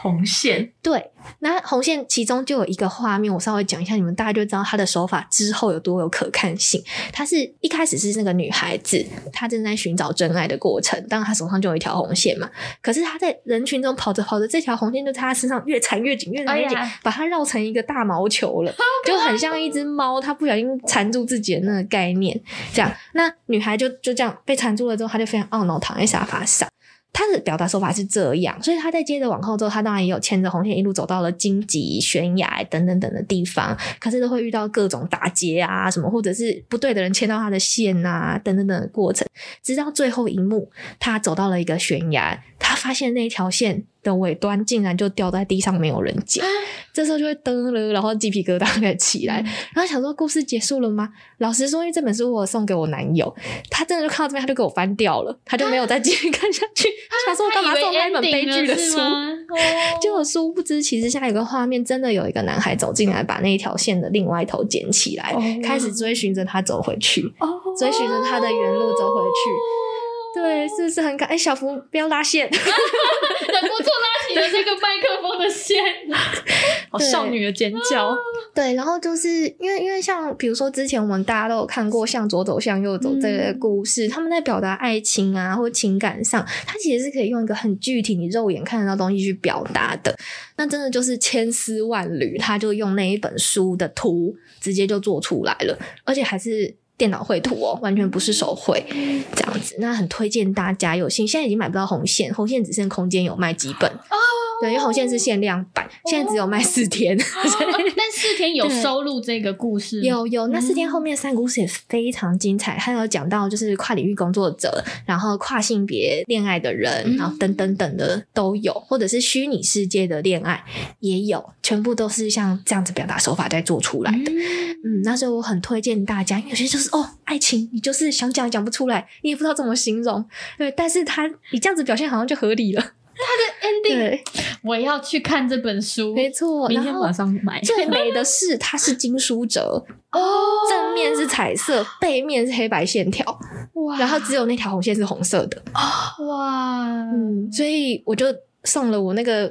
紅線。對，那紅線其中就有一個畫面，我稍微講一下，你們大概就知道他的手法之後有多有可看性。他是一開始是那個女孩子，她正在尋找真愛的過程，當然她手上就有一條紅線嘛。可是她在人群中跑着跑着，這條紅線就在她身上越纏越緊，越纏越緊，oh yeah. 把它繞成一個大毛球了，就很像一只貓，它不小心纏住自己的那個概念。這樣，那女孩就就這樣被纏。住了之後，他就非常懊惱，躺在沙發上。他的表達手法是這樣，所以他在接着往後之後，他當然也有牽着紅線一路走到了荊棘、懸崖等等等的地方，可是都會遇到各種打結啊什麼，或者是不對的人牽到他的線啊等等等的過程，直到最後一幕，他走到了一個懸崖，他發現那一條線。的尾端竟然就掉在地上，沒有人撿。這時候就會噔了，然後雞皮疙瘩給起來、嗯，然後想說故事結束了嗎？老實說，因為這本書我送給我男友，他真的就看到這邊，他就給我翻掉了，他就沒有再繼續看下去。他說我幹嘛送他一本悲劇的書？就 嗎、oh. 殊不知，其實下一個畫面真的有一個男孩走進來，把那一條線的另外一頭撿起來，oh. 開始追尋着他走回去，oh. 追尋着他的原路走回去。Oh. 對，oh. 是不是很感？哎、欸，小福不要拉線，等 我 做拉起的那個麥克風的線，好少女的尖叫。Oh. 對，然後就是因為因為像比如說之前我們大家都有看過《向左走，向右走》這個故事，他、嗯、們在表達愛情啊或情感上，它其實是可以用一個很具體你肉眼看得到東西去表達的。那真的就是千絲萬縷，他就用那一本書的圖直接就做出來了，而且還是。電腦繪圖哦，完全不是手繪這樣子，那很推薦大家。有幸現在已經買不到紅線，紅線只剩空間有賣幾本。對，因為紅線是限量版，oh. 現在只有賣四天，oh. Oh. Oh. 但四天有收錄這個故事，有有。那四天後面三故事也是非常精彩，嗯、還有講到就是跨領域工作者，然後跨性別戀愛的人，然後等、等等等的都有，或者是虛擬世界的戀愛也有，全部都是像這樣子表達手法在做出來的。嗯，嗯那所以我很推薦大家，有些就是哦，愛情你就是想講也講不出來，你也不知道怎麼形容，對，但是他你這樣子表現好像就合理了。它的 ending，對，我要去看這本書，沒錯，明天晚上買。最美的是， 它是精裝本。哦，正面是彩色，背面是黑白線條，哇，然後只有那條紅線是紅色的，哇，嗯，所以我就送了我那個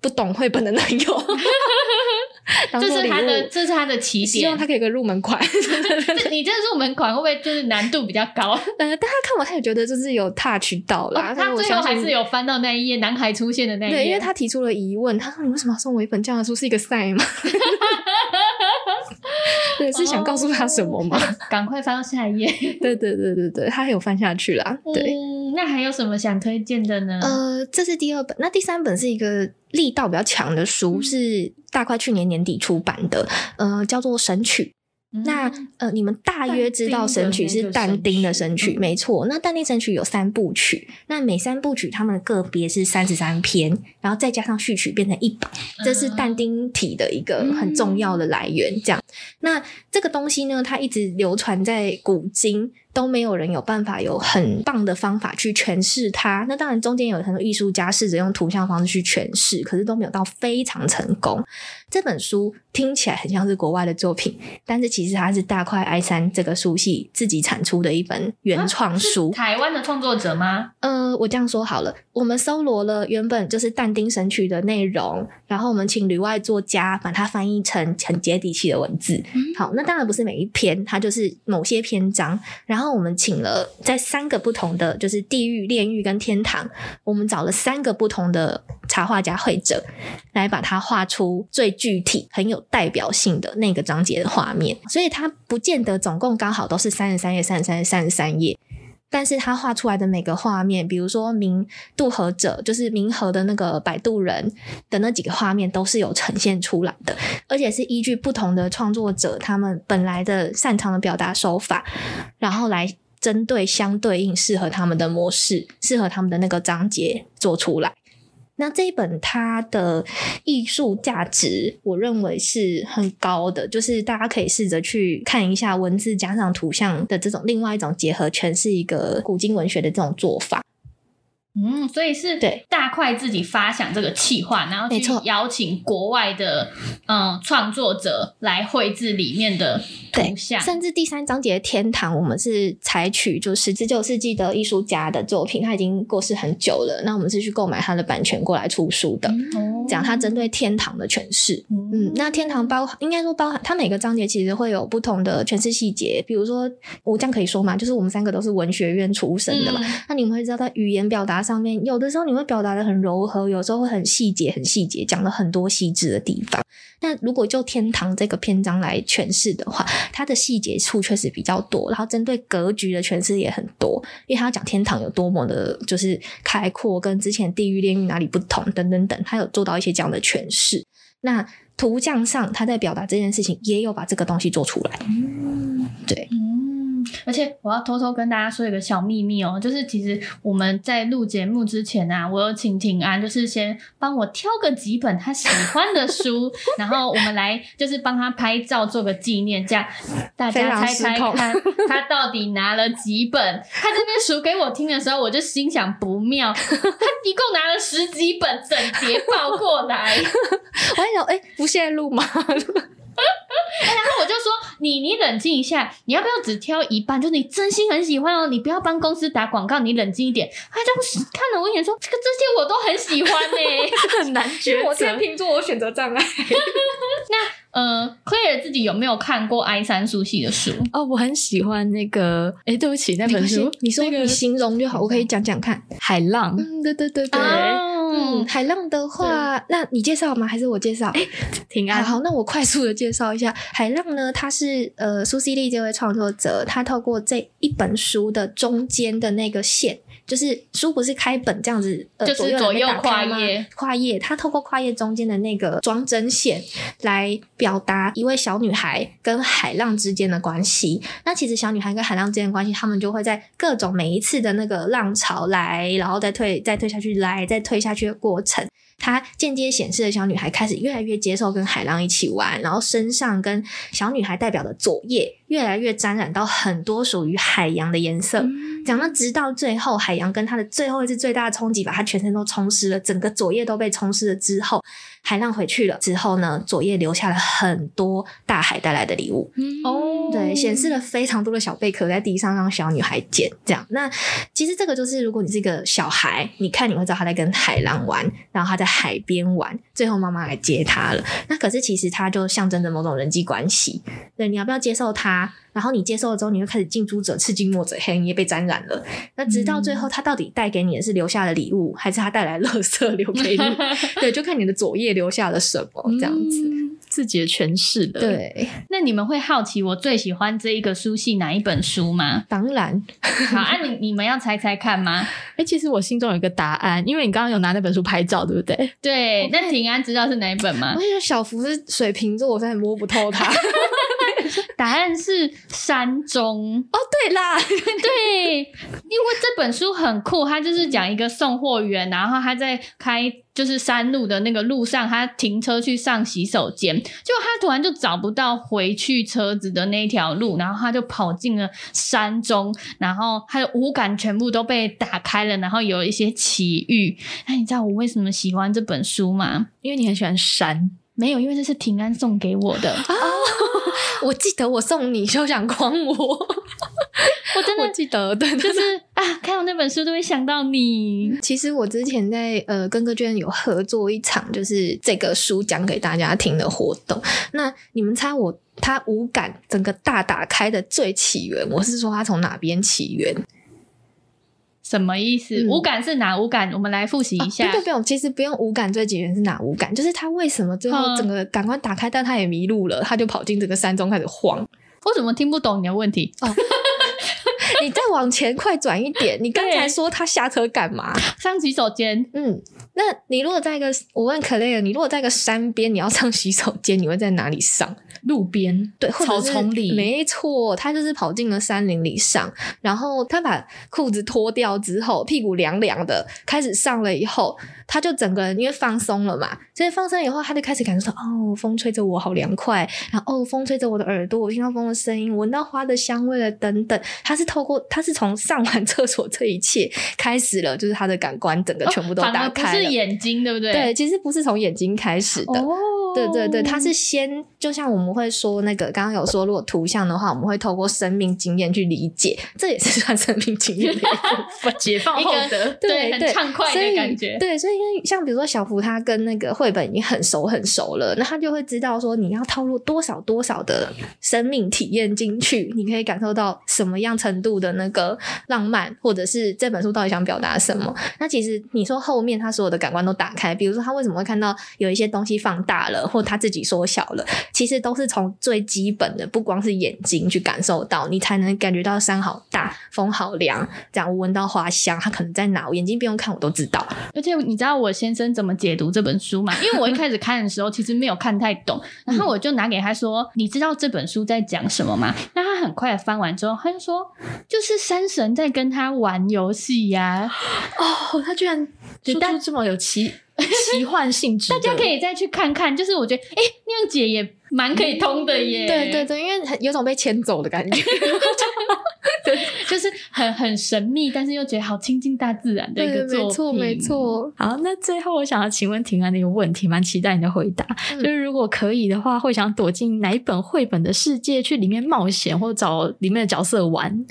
不懂繪本的男友。 這是他的，這是他的起點。希望他可以有個入門款。 這你這個入門款會不會就是難度比較高？呃、但他看完他也覺得就是有 touch 到了，哦。他最後還是有翻到那一頁，男孩出現的那一頁，因為他提出了疑問，他說：“你為什麼要送我一本這樣的書？是一個 sign 嗎？” 對，是想告訴他什麼嗎？趕、okay. 快翻到下一頁。對對對對對，他還有翻下去啦。對，嗯、那還有什麼想推薦的呢？呃，這是第二本，那第三本是一個。力道比較強的書，是大塊去年年底出版的，呃，叫做《神曲》。那、嗯、呃，你們大約知道《神曲》是、嗯、但丁的《神曲》沒錯。那但丁《神曲》有三部曲，那每三部曲他們的個別是三十三篇，然後再加上序曲變成一百，這是但丁體的一個很重要的來源、嗯。這樣，那這個東西呢，它一直流傳在古今，都沒有人有辦法有很棒的方法去詮釋它。那當然中間有很多藝術家試着用圖像方式去詮釋，可是都沒有到非常成功。這本書聽起來很像是國外的作品，但是。其實它是大塊 I 三這個書系自己產出的一本原創書，啊、台灣的創作者嗎？呃，我這樣說好了，我們搜羅了原本就是但丁神曲的內容，然後我們請旅外作家把它翻譯成很接地氣的文字、嗯。好，那當然不是每一篇，它就是某些篇章。然後我們請了在三個不同的，就是地獄、煉獄跟天堂，我們找了三個不同的。插畫家、繪者來把它畫出最具體、很有代表性的那個章節的畫面，所以它不見得總共剛好都是三十三頁、三十三頁、三十三頁，但是它畫出來的每個畫面，比如說冥渡河者，就是冥河的那個擺渡人的那幾個畫面，都是有呈現出來的，而且是依據不同的創作者他們本來的擅長的表達手法，然後來針對相對應適合他們的模式、適合他們的那個章節做出來。那這一本它的藝術價值，我認為是很高的，就是大家可以試着去看一下文字加上圖像的這種另外一種結合，詮釋一個古今文學的這種做法。嗯，所以是大塊自己發想這個企劃，然後去邀請國外的嗯創作者來繪制裡面的圖像，對，甚至第三章節天堂，我們是採取就是十九世紀的藝術家的作品，他已經過世很久了，那我們是去購買他的版權過來出書的，講他針對天堂的詮釋，嗯。嗯，那天堂包應該說包含他每個章節其實會有不同的詮釋細節，比如說我這樣可以說嗎？就是我們三個都是文學院出身的嘛，嗯，那你們會知道他語言表達。上面有的時候你會表達得很柔和，有時候會很細節，很細節，講了很多細緻的地方。那如果就天堂這個篇章來詮釋的話，它的細節處確實比較多，然後針對格局的詮釋也很多，因為他要講天堂有多麼的，就是開闊，跟之前地獄、煉獄哪裡不同等等等，他有做到一些這樣的詮釋。那圖像上，他在表達這件事情，也有把這個東西做出來。嗯，對。嗯而且我要偷偷跟大家說一個小祕密哦、喔，就是其實我們在錄節目之前啊，我有請庭安，就是先幫我挑個幾本他喜歡的書， 然後我們來就是幫他拍照做個紀念，這樣大家猜猜看他， 他到底拿了幾本？他這邊數給我聽的時候，我就心想不妙，他一共拿了十幾本整疊抱過來， 我還想哎、欸、不現在錄嗎？ 然後我就說：“你你冷靜一下，你要不要只挑一半？就是你真心很喜歡哦，你不要幫公司打廣告。你冷靜一點。”他當時看了我一眼，說：“這個這些我都很喜歡呢、欸， 很難抉擇。”我天秤座，我選擇障礙。 那。嗯、呃，奎爾自己有沒有看過《I 三》書系的書？哦，我很喜歡那個。哎、欸，對不起，那本書， 你說你形容就好，那個、我可以講講看。海浪，嗯，對對對對、啊，嗯，海浪的話，那你介紹嗎？還是我介紹？哎、欸，庭安。好，好，那我快速的介紹一下海浪呢。它是呃，蘇西‧李這位創作者，他透過這一本書的中間的那個線，就是書不是開本這樣子，呃、就是左右跨頁，跨頁，他透過跨頁中間的那個裝幀線來表。要搭，因為小女孩跟海浪之間的關係。那其實小女孩跟海浪之間的關係，他們就會在各種每一次的那個浪潮來，然後再退，再退下去，來，再退下去的過程，它間接顯示了小女孩開始越來越接受跟海浪一起玩，然後身上跟小女孩代表的左頁越來越沾染到很多屬於海洋的顏色，嗯，這樣，那直到最後，海洋跟它的最後一次最大的衝擊，把它全身都沖濕了，整個左頁都被沖濕了之後，海浪回去了之後呢，左頁留下了很多大海帶來的禮物哦，對，顯示了非常多的小貝殼在地上讓小女孩撿。這樣，那其實這個就是如果你是一個小孩，你看你會知道他在跟海浪玩，然後他在海邊玩，最後媽媽來接他了。那可是其實它就象徵着某種人際關係，對，你要不要接受她然後你接受了之後，你就開始近朱者赤，近墨者黑，你也被沾染了。那直到最後，他到底帶給你的是留下的禮物，還是他帶來垃圾留給你？ 對，就看你的左頁留下了什麼，這樣子、嗯、自己的詮釋了。對，那你們會好奇我最喜歡這一個書系哪一本書嗎？當然。 好，那、啊、你你們要猜猜看嗎？哎、欸，其實我心中有一個答案，因為你剛剛有拿那本書拍照，對不對？對。那庭安知道是哪一本嗎？我以？我覺得小福是水瓶座，我實在摸不透他。 答案是山中哦，對啦， 對，因為這本書很酷，它就是講一個送貨員，然後他在開就是山路的那個路上，他停車去上洗手間，結果他突然就找不到回去車子的那一條路，然後他就跑進了山中，然後他的五感全部都被打開了，然後有一些奇遇。那你知道我為什麼喜歡這本書嗎？因為你很喜歡山？沒有，因為這是庭安送給我的哦。哦。我記得我送你，休想誆我！ 我真的我記得，對，就是啊，看到那本書都會想到你。其實我之前在呃跟歌劇院有合作一場，就是這個書講給大家聽的活動。那你們猜我他五感，整個大打開的最起源，我是說他從哪邊起源？什麼意思？嗯、五感是哪五感？我們來複習一下。啊、不對不，不用，其實不用五感最幾人是哪五感？就是他為什麼最後整個感官打開、嗯，但他也迷路了，他就跑進這個山中開始慌。我怎麼聽不懂你的問題？哦、 你再往前快轉一點。 你剛才說他下車幹嘛？上洗手間。嗯，那你如果在一個，我問 Clare，你如果在一個山邊，你要上洗手間，你會在哪裡上？路邊對，或者草叢裡，沒錯，他就是跑進了山林裡上，然後他把褲子脫掉之後，屁股涼涼的，開始上了以後。他就整個人因為放鬆了嘛，所以放鬆以後，他就開始感覺說，哦，風吹着我，好涼快。然後哦，風吹着我的耳朵，我聽到風的聲音，聞到花的香味了，等等。他是透過，他是從上完廁所這一切開始了，就是他的感官整個全部都打開了。哦、不是眼睛，對不對？對，其實不是從眼睛開始的。對對對，他是先就像我們會說那個，剛剛有說如果圖像的話，我們會透過生命經驗去理解，這也是算生命經驗的一部 解放後的對對，對對對很暢快的感覺。對，所以。因為像比如說小福他跟那個繪本已經很熟很熟了，那他就會知道說，你要套入多少多少的生命體驗進去，你可以感受到什麼樣程度的那個浪漫，或者是這本書到底想表達什麼。那其實你說後面他所有的感官都打開，比如說他為什麼會看到有一些東西放大了，或他自己縮小了，其實都是從最基本的不光是眼睛去感受到，你才能感覺到山好大，風好涼，這樣我聞到花香，他可能在哪，我眼睛不用看我都知道，而且你知道。那我先生怎麼解讀這本書嘛？因為我一開始看的時候 其實沒有看太懂，然後我就拿給他說：“嗯、你知道這本書在講什麼嗎？”那他很快翻完之後，他就說：“就是山神在跟他玩遊戲呀！”哦，他居然說出這麼有奇。 奇幻性質，大家可以再去看看。就是我覺得，誒那樣解，也蠻可以通的耶。 對對對，因為有種被牽走的感覺， 就是很很神秘，但是又覺得好親近大自然的一個作品。對對對沒錯沒錯。好，那最後我想要請問庭安一個問題，蠻期待你的回答。嗯。就是如果可以的話，會想躲進哪一本繪本的世界去裡面冒險，或找裡面的角色玩？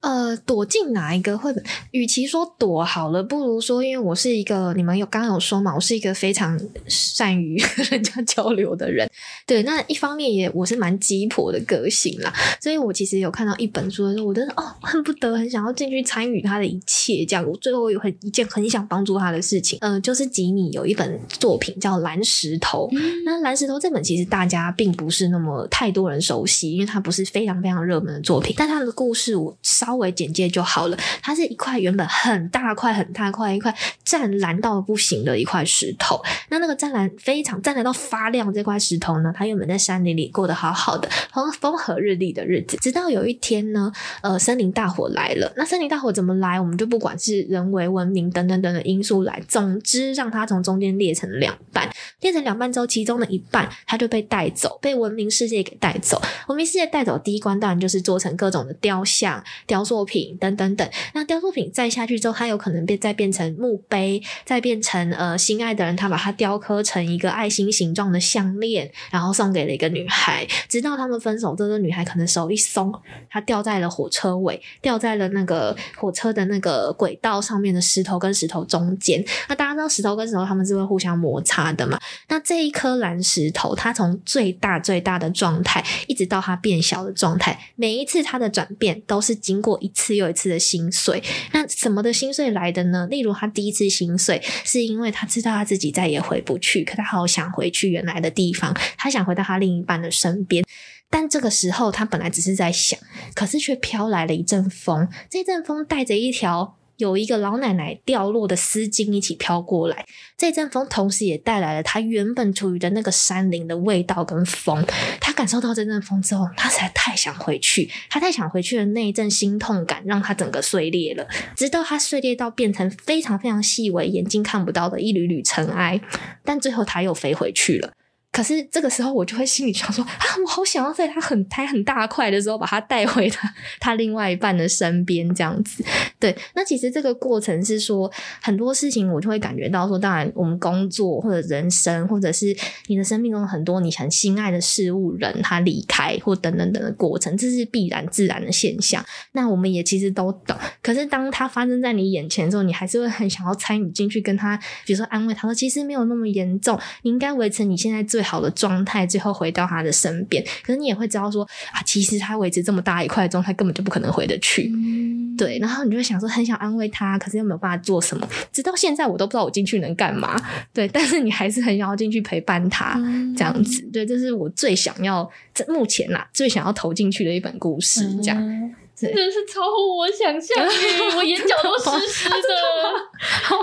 呃，躲進哪一個？或者與其說躲好了，不如說，因為我是一個你們有剛剛有說嘛，我是一個非常善於跟人家交流的人。對，那一方面也我是蠻雞婆的個性啦，所以我其實有看到一本書的時候，我真的，哦，恨不得很想要進去參與他的一切。這樣，我最後有很一件很想幫助他的事情，嗯、呃，就是幾米有一本作品叫《藍石頭》嗯。那《藍石頭》這本其實大家並不是那麼太多人熟悉，因為它不是非常非常熱門的作品。但他的故事我稍。稍微簡介就好了。它是一塊原本很大塊很大塊、一塊湛藍到不行的一塊石頭。那那個湛藍非常湛藍到發亮這塊石頭呢，它原本在山林裡過得好好的，風風和日麗的日子。直到有一天呢，呃，森林大火來了。那森林大火怎麼來，我們就不管是人為文明等等等等因素來，總之讓它從中間裂成兩半。裂成兩半之後，其中的一半它就被帶走，被文明世界給帶走。文明世界帶走第一關當然就是做成各種的雕像雕。雕塑品等等等，那雕塑品再下去之後，它有可能變再變成墓碑，再變成呃心愛的人，他把它雕刻成一個愛心形狀的項鏈，然後送給了一個女孩。直到他們分手，這個女孩可能手一鬆，她掉在了火車尾，掉在了那個火車的那個軌道上面的石頭跟石頭中間。那大家知道石頭跟石頭他們是會互相摩擦的嘛？那這一顆藍石頭，它從最大最大的狀態，一直到它變小的狀態，每一次它的轉變都是經過。我一次又一次的心碎，那什麼的心碎來的呢？例如，他第一次心碎，是因為他知道他自己再也回不去，可他好想回去原來的地方，他想回到他另一半的身邊。但這個時候，他本來只是在想，可是卻飄來了一陣風，這陣風帶着一條。有一個老奶奶掉落的絲巾一起飄過來，這陣風同時也帶來了她原本處於的那個山林的味道跟風。她感受到這陣風之後，她實在太想回去，她太想回去的那一陣心痛感，讓她整個碎裂了。直到她碎裂到變成非常非常細微、眼睛看不到的一縷縷塵埃，但最後她又飛回去了。可是這個時候，我就會心裡想說啊，我好想要在他很拍很大塊的時候，把他帶回他他另外一半的身邊這樣子。對，那其實這個過程是說很多事情，我就會感覺到說，當然我們工作或者人生，或者是你的生命中很多你很心愛的事物人他，他離開或等，等等等的過程，這是必然自然的現象。那我們也其實都懂。可是當他發生在你眼前的時候，你還是會很想要參與進去，跟他比如說安慰他說，其實沒有那麼嚴重，你應該維持你現在最。最好的狀態，最後回到他的身邊。可是你也會知道說啊，其實他維持這麼大一塊的狀態，根本就不可能回得去。嗯、對，然後你就會想說，很想安慰他，可是又沒有辦法做什麼。直到現在，我都不知道我進去能幹嘛。對，但是你還是很想要進去陪伴他，嗯、這樣子。對，這是我最想要，這目前啦、啊，最想要投進去的一本故事，這樣。嗯真的是超乎我想象，欸，我眼角都濕濕的。這，啊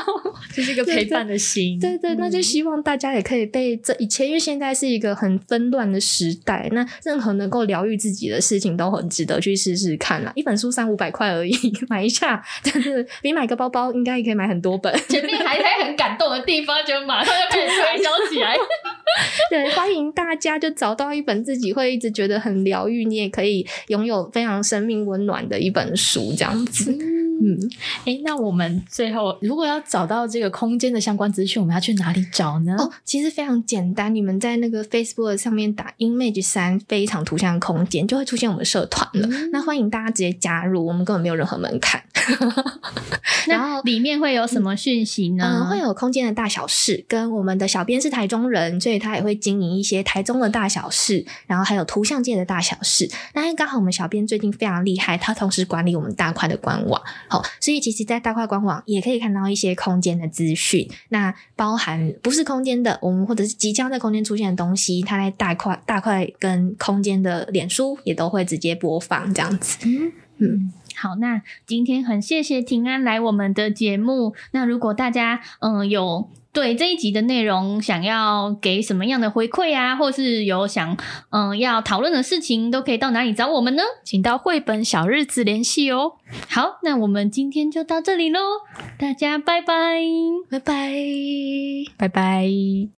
就是一個陪伴的心，對對，對、嗯，那就希望大家也可以被這一切。因為現在是一個很紛亂的時代，那任何能夠療癒自己的事情都很值得去試試看啦。一本書三五百塊而已，買一下，但是比買個包包應該也可以買很多本。前面還在很感動的地方，就 馬上就開始推銷起來。對， 對，歡迎大家就找到一本自己會一直覺得很療癒，你也可以擁有非常生命溫暖。暖的一本書，這樣子。嗯，哎、欸，那我們最後如果要找到這個空間的相關資訊，我們要去哪裡找呢？哦，其實非常簡單，你們在那個 Facebook 上面打 Image3，非常圖像空間就會出現我們的社團了、嗯。那歡迎大家直接加入，我們根本沒有任何門檻。 然後裡面會有什麼訊息呢？嗯，嗯，會有空間的大小事，跟我們的小編是台中人，所以他也會經營一些台中的大小事，然後還有圖像界的大小事。那因為剛好我們小編最近非常厲害，他同時管理我們大塊的官網。好，所以其實，在大塊官網也可以看到一些空間的資訊，那包含不是空間的，我們或者是即將在空間出現的東西，它在大塊大塊跟空間的臉書也都會直接播放這樣子。嗯，嗯好，那今天很謝謝庭安來我們的節目，那如果大家嗯、呃、有。對這一集的內容，想要給什麼樣的回饋啊，或是有想嗯要討論的事情，都可以到哪裡找我們呢？請到繪本小日子聯繫哦。好，那我們今天就到這裡嘍，大家拜拜，拜拜，拜拜。